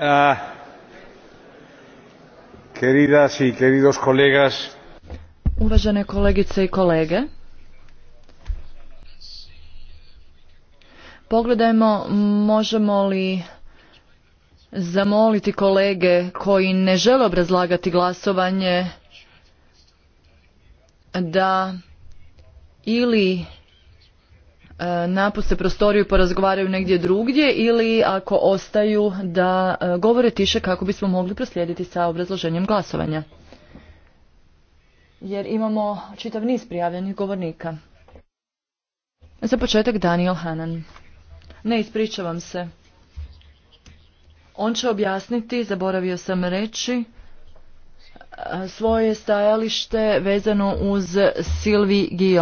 Ah, Uvažene kolegice i kolege, pogledajmo možemo li zamoliti kolege koji ne žele obrazlagati glasovanje da ili E, napuste prostoriju i porazgovaraju negdje drugdje ili ako ostaju da e, govore tiše kako bismo mogli proslijediti sa obrazloženjem glasovanja. Jer imamo čitav niz prijavljenih govornika. Za početak Daniel Hanan. Ne, ispričavam se. On će objasniti, zaboravio sam reći, e, svoje stajalište vezano uz Silvi Guillaume.